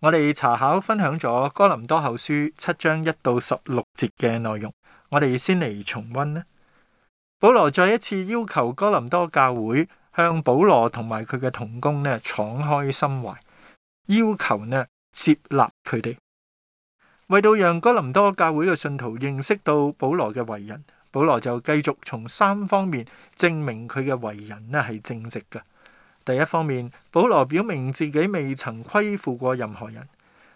我哋查考分享咗哥林多後書七章一到十六節嘅內容，我哋先嚟重温呢。保羅再一次要求哥林多教會向保羅同埋佢嘅同工咧敞開心懷，要求呢接納佢哋。為到讓哥林多教會嘅信徒認識到保羅嘅為人，保羅就繼續從三方面證明佢嘅為人呢係正直噶。第一方面，保羅表明自己未曾虧負過任何人。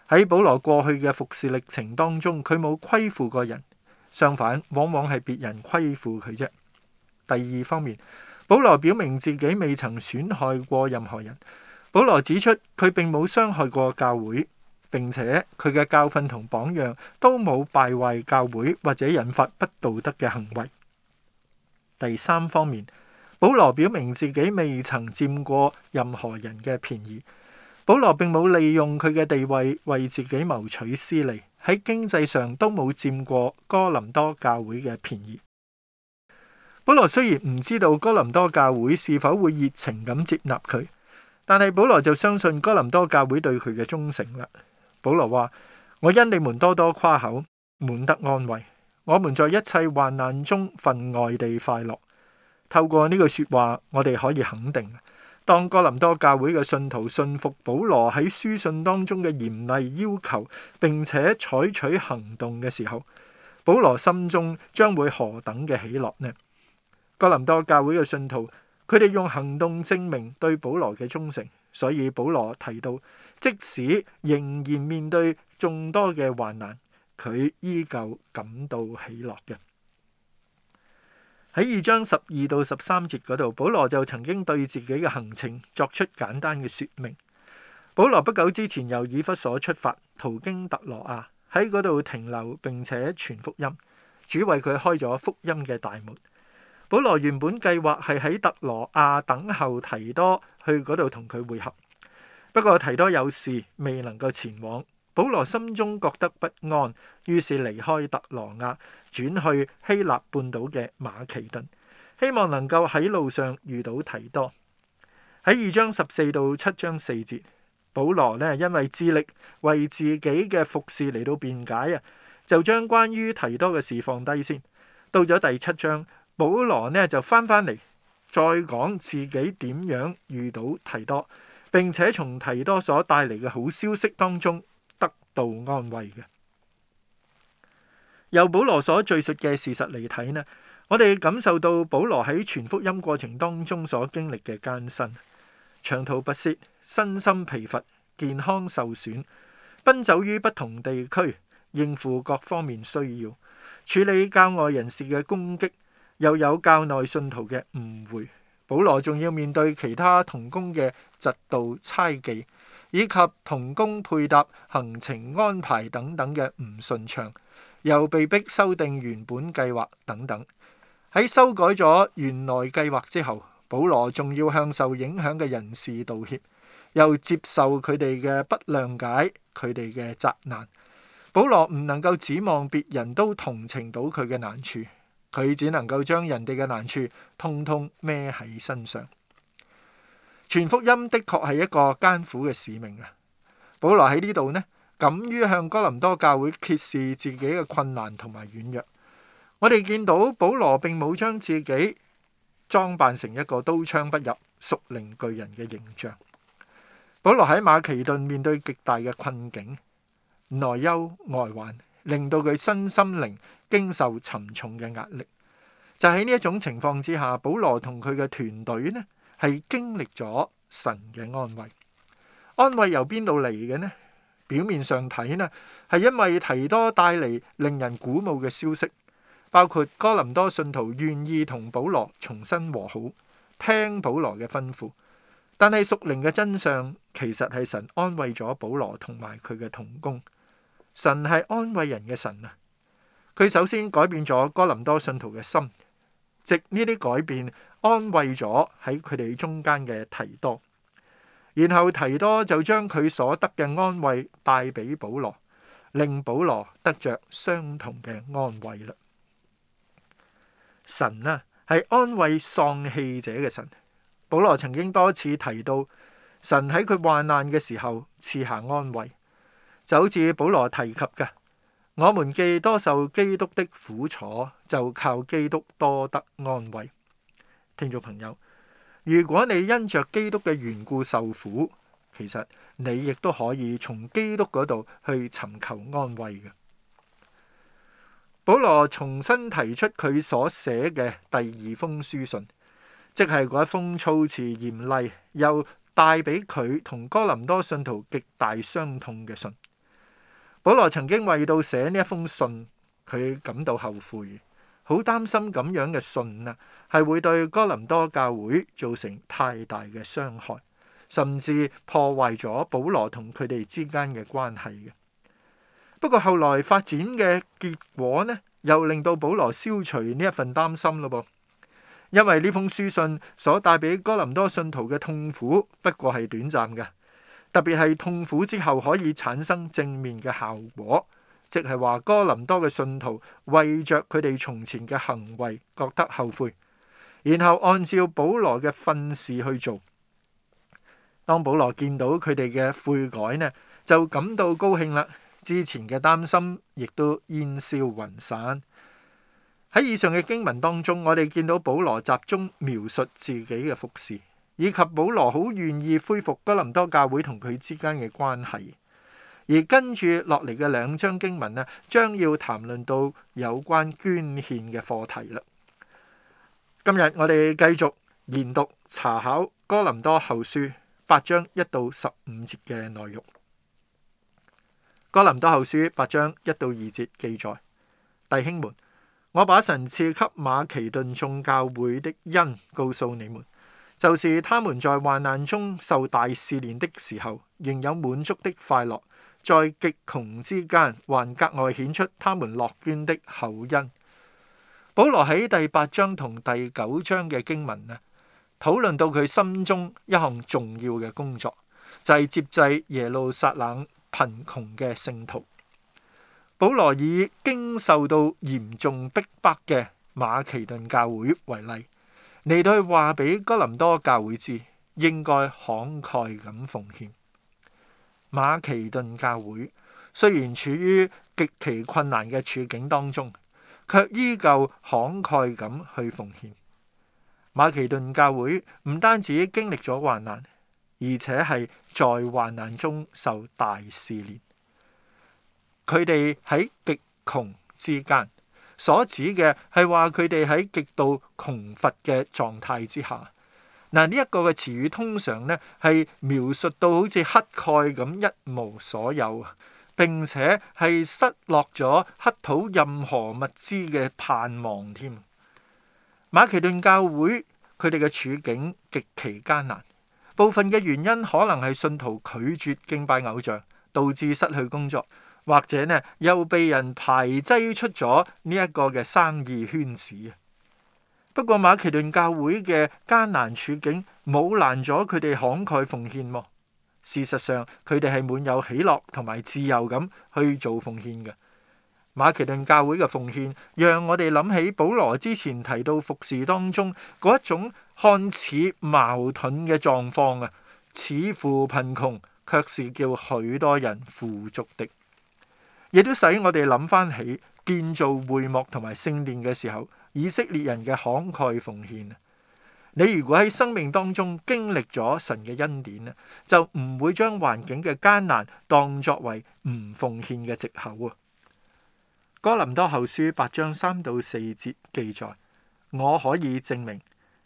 喺保羅過去嘅服侍歷程當中，佢冇虧負過人，相反，往往係別人虧負佢啫。第二方面，保羅表明自己未曾損害過任何人。保羅指出，佢並冇傷害過教會，並且佢嘅教訓同榜樣都冇敗壞教會或者引發不道德嘅行為。第三方面。保羅表明自己未曾占過任何人嘅便宜。保羅並冇利用佢嘅地位為自己謀取私利，喺經濟上都冇占過哥林多教會嘅便宜。保羅雖然唔知道哥林多教會是否會熱情咁接納佢，但係保羅就相信哥林多教會對佢嘅忠誠啦。保羅話：我因你們多多誇口，滿得安慰。我們在一切患難中分外地快樂。透過呢句說話，我哋可以肯定，當哥林多教會嘅信徒信服保羅喺書信當中嘅嚴厲要求，並且採取行動嘅時候，保羅心中將會何等嘅喜樂呢？哥林多教會嘅信徒，佢哋用行動證明對保羅嘅忠誠，所以保羅提到，即使仍然面對眾多嘅患難，佢依舊感到喜樂嘅。喺二章十二到十三節嗰度，保羅就曾經對自己嘅行程作出簡單嘅說明。保羅不久之前由以弗所出發，途經特羅亞，喺嗰度停留並且傳福音。主為佢開咗福音嘅大門。保羅原本計劃係喺特羅亞等候提多去嗰度同佢會合，不過提多有事未能夠前往，保羅心中覺得不安。於是離開特羅亞，轉去希臘半島嘅馬其頓，希望能夠喺路上遇到提多。喺二章十四到七章四節，保羅呢因為致力為自己嘅服侍嚟到辯解啊，就將關於提多嘅事放低先。到咗第七章，保羅呢就翻返嚟再講自己點樣遇到提多，並且從提多所帶嚟嘅好消息當中得到安慰嘅。由保羅所敘述嘅事實嚟睇呢，我哋感受到保羅喺傳福音過程當中所經歷嘅艱辛，長途跋涉，身心疲乏，健康受損，奔走於不同地區，應付各方面需要，處理教外人士嘅攻擊，又有教內信徒嘅誤會。保羅仲要面對其他同工嘅嫉妒猜忌，以及同工配搭、行程安排等等嘅唔順暢。又被迫修訂原本計劃等等，喺修改咗原來計劃之後，保羅仲要向受影響嘅人士道歉，又接受佢哋嘅不諒解，佢哋嘅責難。保羅唔能夠指望別人都同情到佢嘅難處，佢只能夠將人哋嘅難處通通孭喺身上。傳福音的確係一個艱苦嘅使命啊！保羅喺呢度呢，敢於向哥林多教會揭示自己嘅困難同埋軟弱。我哋見到保羅並冇將自己裝扮成一個刀槍不入、屬靈巨人嘅形象。保羅喺馬其頓面對極大嘅困境，內憂外、呃、患，令到佢身心靈經受沉重嘅壓力。就喺呢一種情況之下，保羅同佢嘅團隊呢係經歷咗神嘅安慰。安慰由邊度嚟嘅呢？表面上睇呢，係因為提多帶嚟令人鼓舞嘅消息，包括哥林多信徒願意同保羅重新和好，聽保羅嘅吩咐。但係屬靈嘅真相其實係神安慰咗保羅同埋佢嘅同工，神係安慰人嘅神啊！佢首先改變咗哥林多信徒嘅心，藉呢啲改變安慰咗喺佢哋中間嘅提多。然後提多就將佢所得嘅安慰帶俾保羅，令保羅得着相同嘅安慰啦。神啊，係安慰喪氣者嘅神。保羅曾經多次提到神喺佢患難嘅時候賜下安慰，就好似保羅提及嘅，我們既多受基督的苦楚，就靠基督多得安慰。聽眾朋友，如果你因着基督嘅緣故受苦，其實你亦都可以從基督嗰度去尋求安慰嘅。保羅重新提出佢所寫嘅第二封書信，即係嗰一封措辭嚴厲又帶俾佢同哥林多信徒極大傷痛嘅信。保羅曾經為到寫呢一封信，佢感到後悔。好擔心咁樣嘅信啊，係會對哥林多教會造成太大嘅傷害，甚至破壞咗保羅同佢哋之間嘅關係嘅。不過後來發展嘅結果呢，又令到保羅消除呢一份擔心咯噃，因為呢封書信所帶畀哥林多信徒嘅痛苦，不過係短暫嘅，特別係痛苦之後可以產生正面嘅效果。即係話哥林多嘅信徒，為着佢哋從前嘅行為覺得後悔，然後按照保羅嘅訓示去做。當保羅見到佢哋嘅悔改呢，就感到高興啦。之前嘅擔心亦都煙消雲散。喺以上嘅經文當中，我哋見到保羅集中描述自己嘅服侍，以及保羅好願意恢復哥林多教會同佢之間嘅關係。而跟住落嚟嘅兩章經文呢，將要談論到有關捐獻嘅課題嘞。今日我哋繼續研讀查考哥林多後書八章一到十五節嘅內容。哥林多後書八章一到二節記載：弟兄們，我把神賜給馬其頓眾教會的恩告訴你們，就是他們在患難中受大試煉的時候，仍有滿足的快樂。在極窮之間，還格外顯出他們樂捐的厚恩。保羅喺第八章同第九章嘅經文呢，討論到佢心中一項重要嘅工作，就係、是、接濟耶路撒冷貧窮嘅聖徒。保羅以經受到嚴重逼迫嘅馬其頓教會為例，嚟到去話俾哥林多教會知，應該慷慨咁奉獻。馬其頓教會雖然處於極其困難嘅處境當中，卻依舊慷慨咁去奉獻。馬其頓教會唔單止經歷咗患難，而且係在患難中受大試煉。佢哋喺極窮之間所指嘅，係話佢哋喺極度窮乏嘅狀態之下。嗱，呢一個嘅詞語通常呢係描述到好似乞丐咁一無所有啊，並且係失落咗乞討任何物資嘅盼望添。馬其頓教會，佢哋嘅處境極其艱難，部分嘅原因可能係信徒拒絕敬拜偶像，導致失去工作，或者呢又被人排擠出咗呢一個嘅生意圈子。不過馬其頓教會嘅艱難處境冇難咗佢哋慷慨奉獻。事實上，佢哋係滿有喜樂同埋自由咁去做奉獻嘅。馬其頓教會嘅奉獻讓我哋諗起保羅之前提到服侍當中嗰一種看似矛盾嘅狀況啊，似乎貧窮，卻是叫許多人富足的，亦都使我哋諗翻起建造會幕同埋聖殿嘅時候。以色列人嘅慷慨奉獻。你如果喺生命當中經歷咗神嘅恩典咧，就唔會將環境嘅艱難當作為唔奉獻嘅借口啊。哥林多後書八章三到四節記載：我可以證明，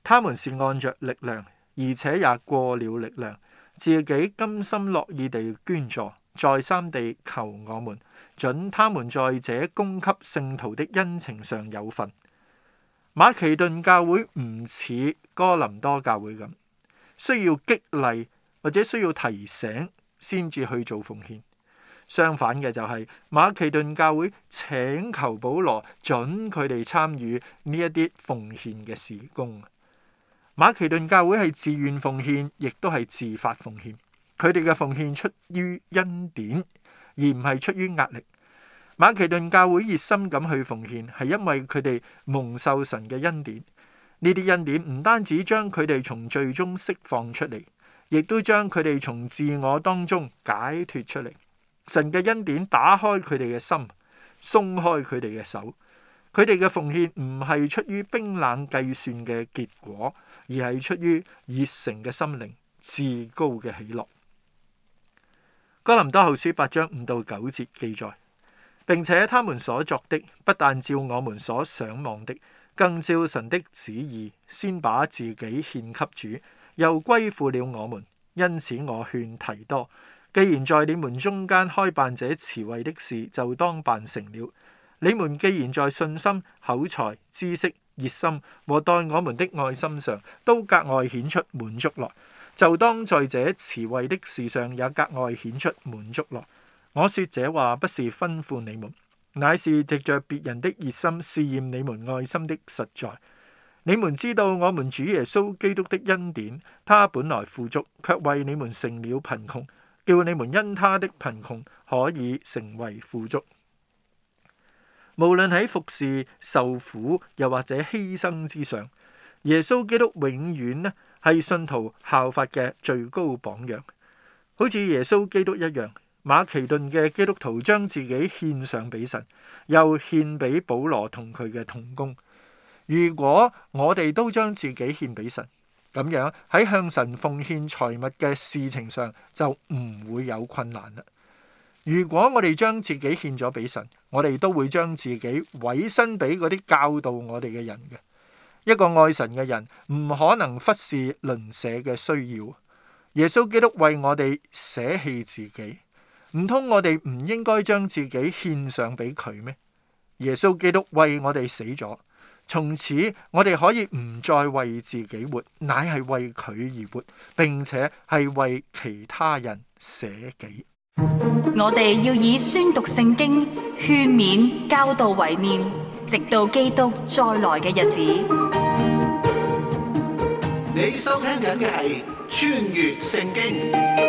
他們是按着力量，而且也過了力量，自己甘心樂意地捐助，再三地求我們，准他們在這供給聖徒的恩情上有份。馬其頓教會唔似哥林多教會咁，需要激勵或者需要提醒先至去做奉獻。相反嘅就係馬其頓教會請求保羅準佢哋參與呢一啲奉獻嘅事工。馬其頓教會係自願奉獻，亦都係自發奉獻。佢哋嘅奉獻出於恩典，而唔係出於壓力。馬其頓教會熱心咁去奉獻，係因為佢哋蒙受神嘅恩典。呢啲恩典唔單止將佢哋從罪中釋放出嚟，亦都將佢哋從自我當中解脫出嚟。神嘅恩典打開佢哋嘅心，鬆開佢哋嘅手。佢哋嘅奉獻唔係出於冰冷計算嘅結果，而係出於熱誠嘅心靈至高嘅喜樂。哥林多後書八章五到九節記載。並且他們所作的，不但照我們所想望的，更照神的旨意，先把自己獻給主，又歸附了我們。因此我勸提多，既然在你們中間開辦這慈惠的事，就當辦成了。你們既然在信心、口才、知識、熱心和待我，我們的愛心上，都格外顯出滿足來，就當在這慈惠的事上也格外顯出滿足來。我說這話不是吩咐你們，乃是藉着別人的熱心試驗你們愛心的實在。你們知道我們主耶穌基督的恩典，他本來富足，卻為你們成了貧窮，叫你們因他的貧窮可以成為富足。無論喺服侍、受苦，又或者犧牲之上，耶穌基督永遠呢係信徒效法嘅最高榜樣，好似耶穌基督一樣。馬其頓嘅基督徒將自己獻上俾神，又獻俾保羅同佢嘅同工。如果我哋都將自己獻俾神，咁樣喺向神奉獻財物嘅事情上就唔會有困難啦。如果我哋將自己獻咗俾神，我哋都會將自己委身俾嗰啲教導我哋嘅人。一個愛神嘅人，唔可能忽視鄰舍嘅需要。耶穌基督為我哋捨棄自己。唔通我哋唔應該將自己獻上俾佢咩？耶穌基督為我哋死咗，從此我哋可以唔再為自己活，乃係為佢而活，並且係為其他人捨己。我哋要以宣讀聖經、勸勉、教導、為念，直到基督再來嘅日子。你收聽緊嘅係穿越聖經。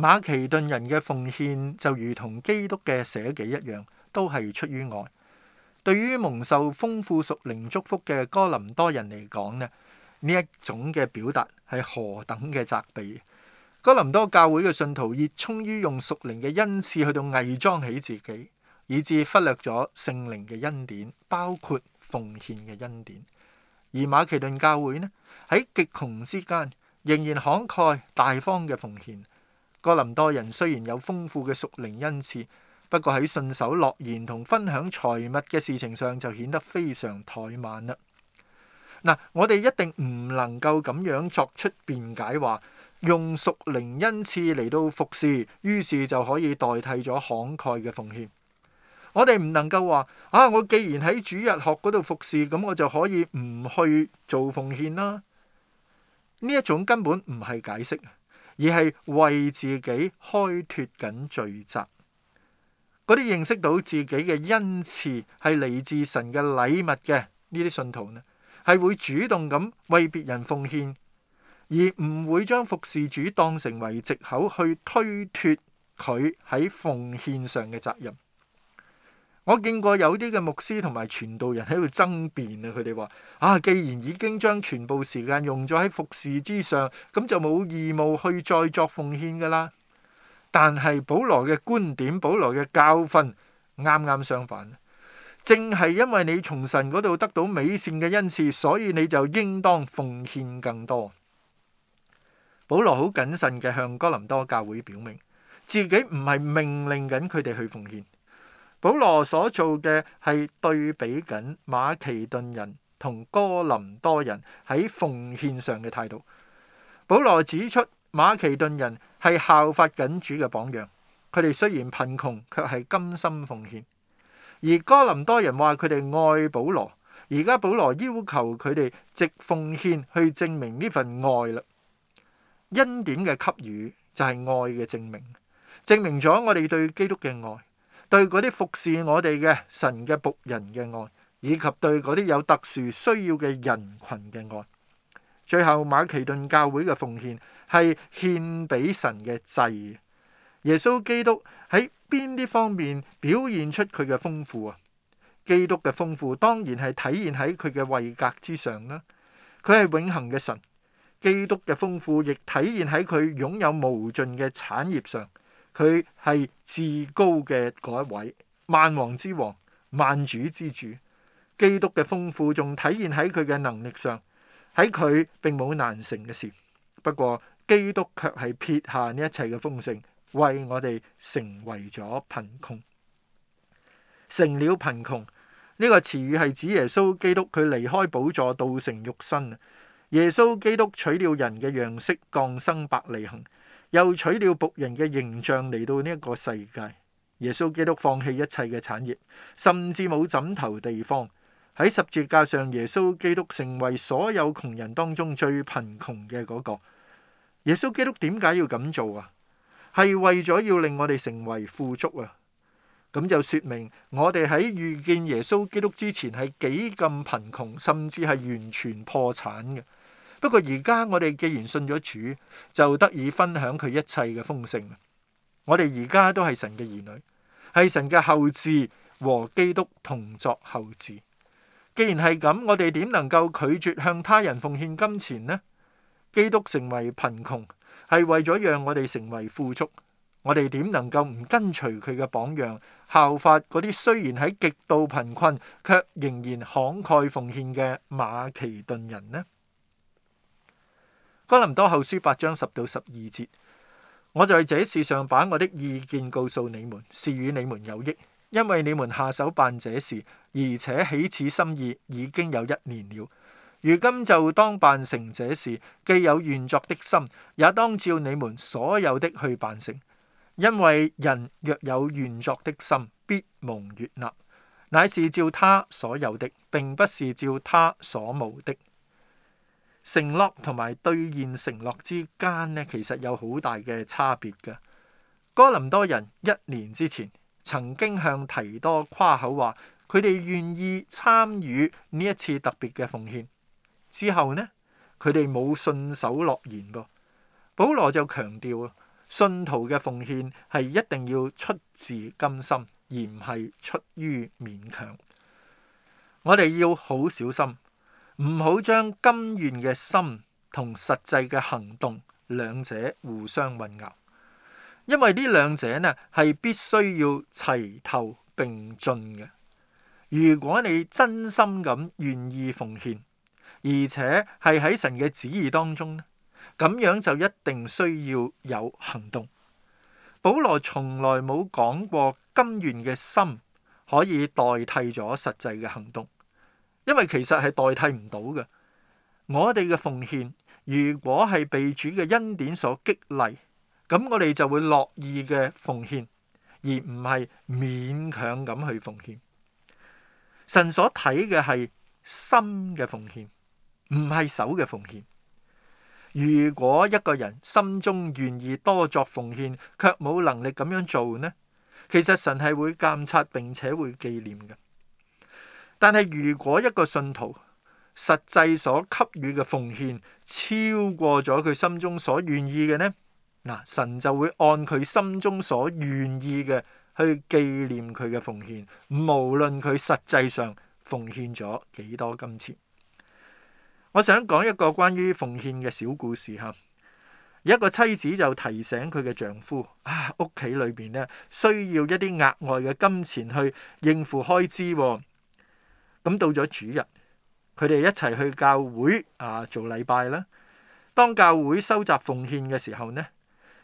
馬其頓人嘅奉獻就如同基督嘅捨己一樣，都係出於愛。對於蒙受豐富屬靈祝福嘅哥林多人嚟講呢，呢一種嘅表達係何等嘅責備？哥林多教會嘅信徒熱衷於用屬靈嘅恩賜去到偽裝起自己，以致忽略咗聖靈嘅恩典，包括奉獻嘅恩典。而馬其頓教會呢，喺極窮之間，仍然慷慨大方嘅奉獻。哥林多人雖然有豐富嘅屬靈恩賜，不過喺信守諾言同分享財物嘅事情上就顯得非常怠慢啦。嗱，我哋一定唔能夠咁樣作出辯解話，話用屬靈恩賜嚟到服侍，於是就可以代替咗慷慨嘅奉獻。我哋唔能夠話啊，我既然喺主日學嗰度服侍，咁我就可以唔去做奉獻啦。呢一種根本唔係解釋。而係為自己開脱緊罪責，嗰啲認識到自己嘅恩賜係嚟自神嘅禮物嘅呢啲信徒呢，係會主動咁為別人奉獻，而唔會將服侍主當成為藉口去推脱佢喺奉獻上嘅責任。我見過有啲嘅牧師同埋傳道人喺度爭辯啊！佢哋話：啊，既然已經將全部時間用咗喺服侍之上，咁就冇義務去再作奉獻㗎喇。但係保羅嘅觀點，保羅嘅教訓，啱啱相反。正係因為你從神嗰度得到美善嘅恩賜，所以你就應當奉獻更多。保羅好謹慎嘅向哥林多教會表明，自己唔係命令緊佢哋去奉獻。保羅所做嘅係對比緊馬其頓人同哥林多人喺奉獻上嘅態度。保羅指出馬其頓人係效法緊主嘅榜樣，佢哋雖然貧窮，卻係甘心奉獻。而哥林多人話佢哋愛保羅，而家保羅要求佢哋直奉獻去證明呢份愛嘞。恩典嘅給予就係愛嘅證明，證明咗我哋對基督嘅愛。對嗰啲服侍我哋嘅神嘅僕人嘅愛，以及對嗰啲有特殊需要嘅人群嘅愛。最後，馬其頓教會嘅奉獻係獻俾神嘅祭。耶穌基督喺邊啲方面表現出佢嘅豐富啊？基督嘅豐富當然係體現喺佢嘅位格之上啦。佢係永恆嘅神。基督嘅豐富亦體現喺佢擁有無盡嘅產業上。佢係至高嘅嗰一位，萬王之王，萬主之主。基督嘅豐富仲體現喺佢嘅能力上，喺佢並冇難成嘅事。不過基督卻係撇下呢一切嘅豐盛，為我哋成為咗貧窮。成了貧窮呢個詞語係指耶穌基督，佢離開寶座，道成肉身。耶穌基督取了人嘅樣式，降生百利行。又取了僕人嘅形象嚟到呢一個世界，耶穌基督放棄一切嘅產業，甚至冇枕頭地方，喺十字架上，耶穌基督成為所有窮人當中最貧窮嘅嗰個。耶穌基督點解要咁做啊？係為咗要令我哋成為富足啊！咁就說明我哋喺遇見耶穌基督之前係幾咁貧窮，甚至係完全破產嘅。不過而家我哋既然信咗主，就得以分享佢一切嘅豐盛。我哋而家都係神嘅兒女，係神嘅後嗣和基督同作後嗣。既然係咁，我哋點能夠拒絕向他人奉獻金錢呢？基督成為貧窮，係為咗讓我哋成為富足。我哋點能夠唔跟隨佢嘅榜樣，效法嗰啲雖然喺極度貧困卻仍然慷慨奉獻嘅馬其頓人呢？哥林多後書八章十到十二節，我在這事上把我的意見告訴你們，是與你們有益，因為你們下手辦這事，而且起此心意已經有一年了。如今就當辦成這事，既有願作的心，也當照你們所有的去辦成，因為人若有願作的心，必蒙悅納，乃是照他所有的，並不是照他所無的。承諾同埋兌現承諾之間呢，其實有好大嘅差別㗎。哥林多人一年之前曾經向提多誇口話，佢哋願意參與呢一次特別嘅奉獻。之後呢，佢哋冇信守諾言噃。保羅就強調，信徒嘅奉獻係一定要出自甘心，而唔係出於勉強。我哋要好小心。唔好將甘願嘅心同實際嘅行動兩者互相混淆，因為呢兩者呢係必須要齊頭並進嘅。如果你真心咁願意奉獻，而且係喺神嘅旨意當中，咁樣就一定需要有行動。保羅從來冇講過甘願嘅心可以代替咗實際嘅行動。因為其實係代替唔到嘅，我哋嘅奉獻如果係被主嘅恩典所激勵，咁我哋就會樂意嘅奉獻，而唔係勉強咁去奉獻。神所睇嘅係心嘅奉獻，唔係手嘅奉獻。如果一個人心中願意多作奉獻，卻冇能力咁樣做呢，其實神係會監察並且會紀念嘅。但係如果一個信徒實際所給予嘅奉獻超過咗佢心中所願意嘅呢？嗱，神就會按佢心中所願意嘅去紀念佢嘅奉獻，無論佢實際上奉獻咗幾多金錢。我想講一個關於奉獻嘅小故事哈。一個妻子就提醒佢嘅丈夫啊，屋企裏邊呢，需要一啲額外嘅金錢去應付開支。咁到咗主日，佢哋一齊去教會啊做禮拜啦。當教會收集奉獻嘅時候呢，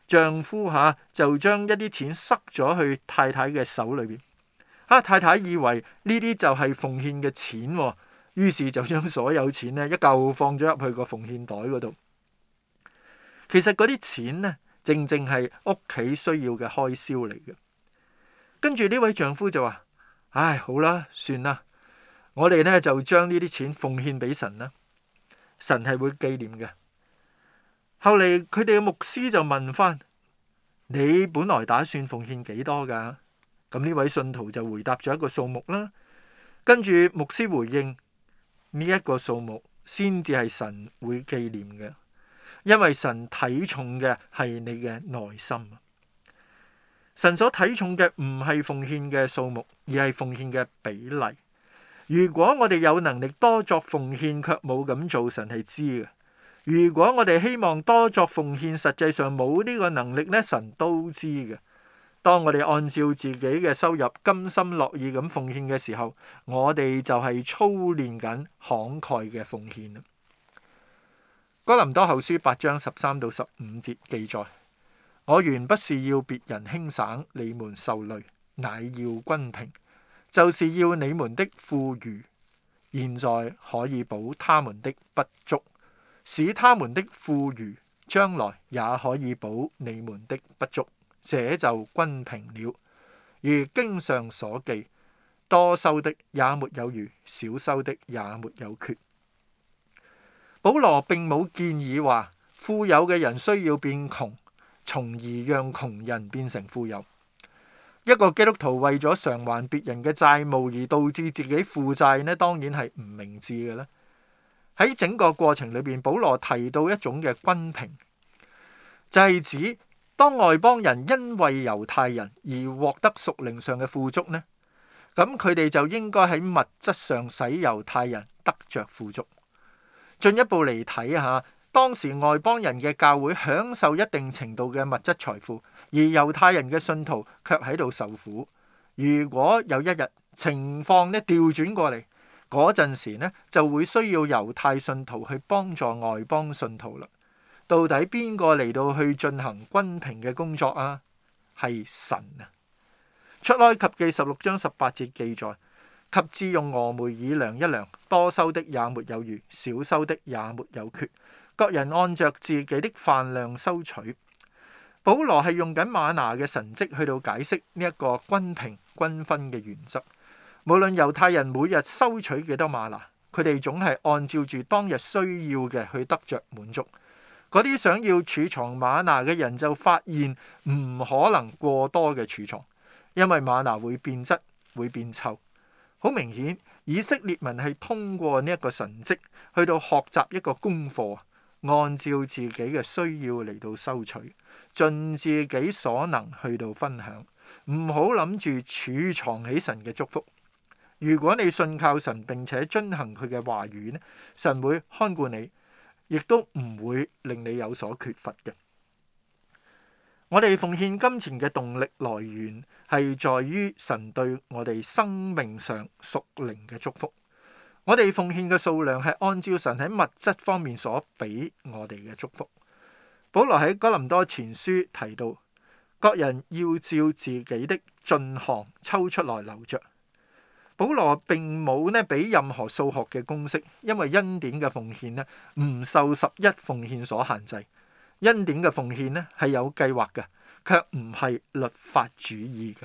丈夫嚇、啊、就將一啲錢塞咗去太太嘅手裏邊。嚇、啊、太太以為呢啲就係奉獻嘅錢、哦，於是就將所有錢咧一嚿放咗入去個奉獻袋嗰度。其實嗰啲錢咧，正正係屋企需要嘅開銷嚟嘅。跟住呢位丈夫就話：唉，好啦，算啦。我哋呢就將呢啲錢奉獻俾神啦，神係會紀念嘅。後嚟佢哋嘅牧師就問翻：你本來打算奉獻幾多噶？咁呢位信徒就回答咗一個數目啦。跟住牧師回應：呢一個數目先至係神會紀念嘅，因為神睇重嘅係你嘅內心。神所睇重嘅唔係奉獻嘅數目，而係奉獻嘅比例。如果我哋有能力多作奉獻，卻冇咁做，神係知嘅。如果我哋希望多作奉獻，實際上冇呢個能力咧，神都知嘅。當我哋按照自己嘅收入，甘心樂意咁奉獻嘅時候，我哋就係操練緊慷慨嘅奉獻啦。哥林多後書八章十三到十五節記載：我原不是要別人輕省，你們受累，乃要均平。就是要你們的富裕，現在可以補他們的不足，使他們的富裕將來也可以補你們的不足，這就均平了。如經上所記，多收的也沒有餘，少收的也沒有缺。保羅並冇建議話，富有嘅人需要變窮，從而讓窮人變成富有。一個基督徒為咗償還別人嘅債務而導致自己負債咧，當然係唔明智嘅咧。喺整個過程裏邊，保羅提到一種嘅均平，就係指當外邦人因為猶太人而獲得屬靈上嘅富足呢，咁佢哋就應該喺物質上使猶太人得着富足。進一步嚟睇下。當時外邦人嘅教會享受一定程度嘅物質財富，而猶太人嘅信徒卻喺度受苦。如果有一日情況咧調轉過嚟，嗰陣時咧就會需要猶太信徒去幫助外邦信徒啦。到底邊個嚟到去進行均平嘅工作啊？係神啊！出埃及記十六章十八節記載：及至用俄梅爾量一量，多收的也沒有餘，少收的也沒有缺。各人按着自己的飯量收取。保羅係用緊馬拿嘅神跡去到解釋呢一個均平均分嘅原則。無論猶太人每日收取幾多馬拿，佢哋總係按照住當日需要嘅去得着滿足。嗰啲想要儲藏馬拿嘅人就發現唔可能過多嘅儲藏，因為馬拿會變質、會變臭。好明顯，以色列民係通過呢一個神跡去到學習一個功課。按照自己嘅需要嚟到收取，盡自己所能去到分享，唔好諗住儲藏起神嘅祝福。如果你信靠神並且遵行佢嘅話語呢，神會看顧你，亦都唔會令你有所缺乏嘅。我哋奉獻金錢嘅動力來源，係在於神對我哋生命上屬靈嘅祝福。我哋奉獻嘅數量係按照神喺物質方面所俾我哋嘅祝福。保羅喺哥林多前書提到，各人要照自己的進項抽出來留着。保羅並冇呢俾任何數學嘅公式，因為恩典嘅奉獻呢唔受十一奉獻所限制。恩典嘅奉獻呢係有計劃嘅，卻唔係律法主義嘅。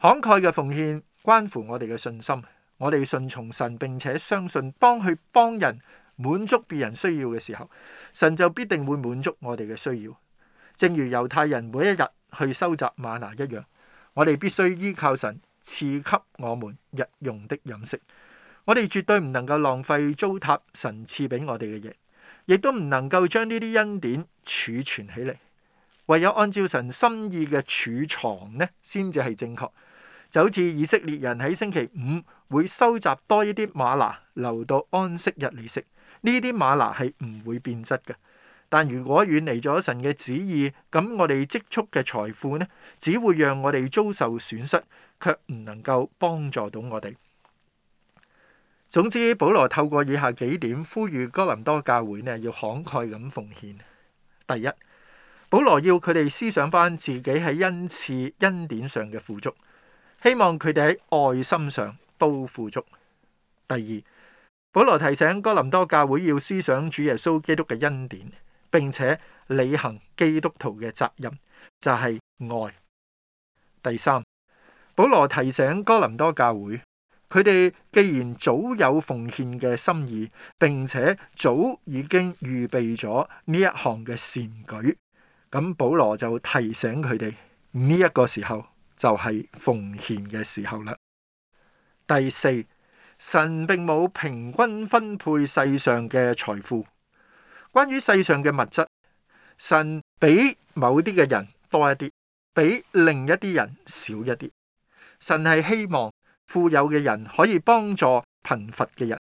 慷慨嘅奉獻，關乎我哋嘅信心。我哋順從神，並且相信當去幫人滿足別人需要嘅時候，神就必定會滿足我哋嘅需要。正如猶太人每一日去收集瑪拿一樣，我哋必須依靠神賜給我們日用的飲食。我哋絕對唔能夠浪費糟蹋神賜俾我哋嘅嘢，亦都唔能夠將呢啲恩典儲存起嚟。唯有按照神心意嘅儲藏呢，先至係正確。就好似以色列人喺星期五會收集多一啲馬拿，留到安息日嚟食。呢啲馬拿係唔會變質嘅。但如果遠離咗神嘅旨意，咁我哋積蓄嘅財富呢，只會讓我哋遭受損失，卻唔能夠幫助到我哋。總之，保羅透過以下幾點呼籲哥林多教會呢，要慷慨咁奉獻。第一，保羅要佢哋思想翻自己喺恩賜恩典上嘅富足。希望佢哋喺愛心上都富足。第二，保羅提醒哥林多教會要思想主耶穌基督嘅恩典，並且履行基督徒嘅責任，就係愛。第三，保羅提醒哥林多教會，佢哋既然早有奉獻嘅心意，並且早已經預備咗呢一項嘅善舉，咁保羅就提醒佢哋呢一個時候。就係奉獻嘅時候啦。第四，神並冇平均分配世上嘅財富。關於世上嘅物質，神俾某啲嘅人多一啲，俾另一啲人少一啲。神係希望富有嘅人可以幫助貧乏嘅人，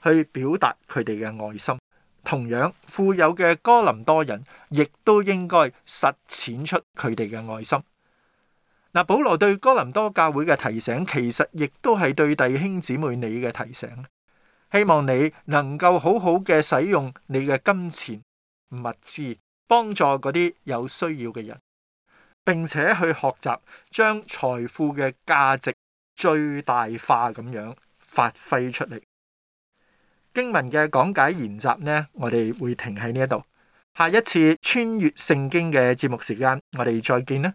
去表達佢哋嘅愛心。同樣，富有嘅哥林多人亦都應該實踐出佢哋嘅愛心。嗱，保羅對哥林多教會嘅提醒，其實亦都係對弟兄姊妹你嘅提醒。希望你能夠好好嘅使用你嘅金錢物資，幫助嗰啲有需要嘅人，並且去學習將財富嘅價值最大化咁樣發揮出嚟。經文嘅講解研習呢，我哋會停喺呢一度。下一次穿越聖經嘅節目時間，我哋再見啦。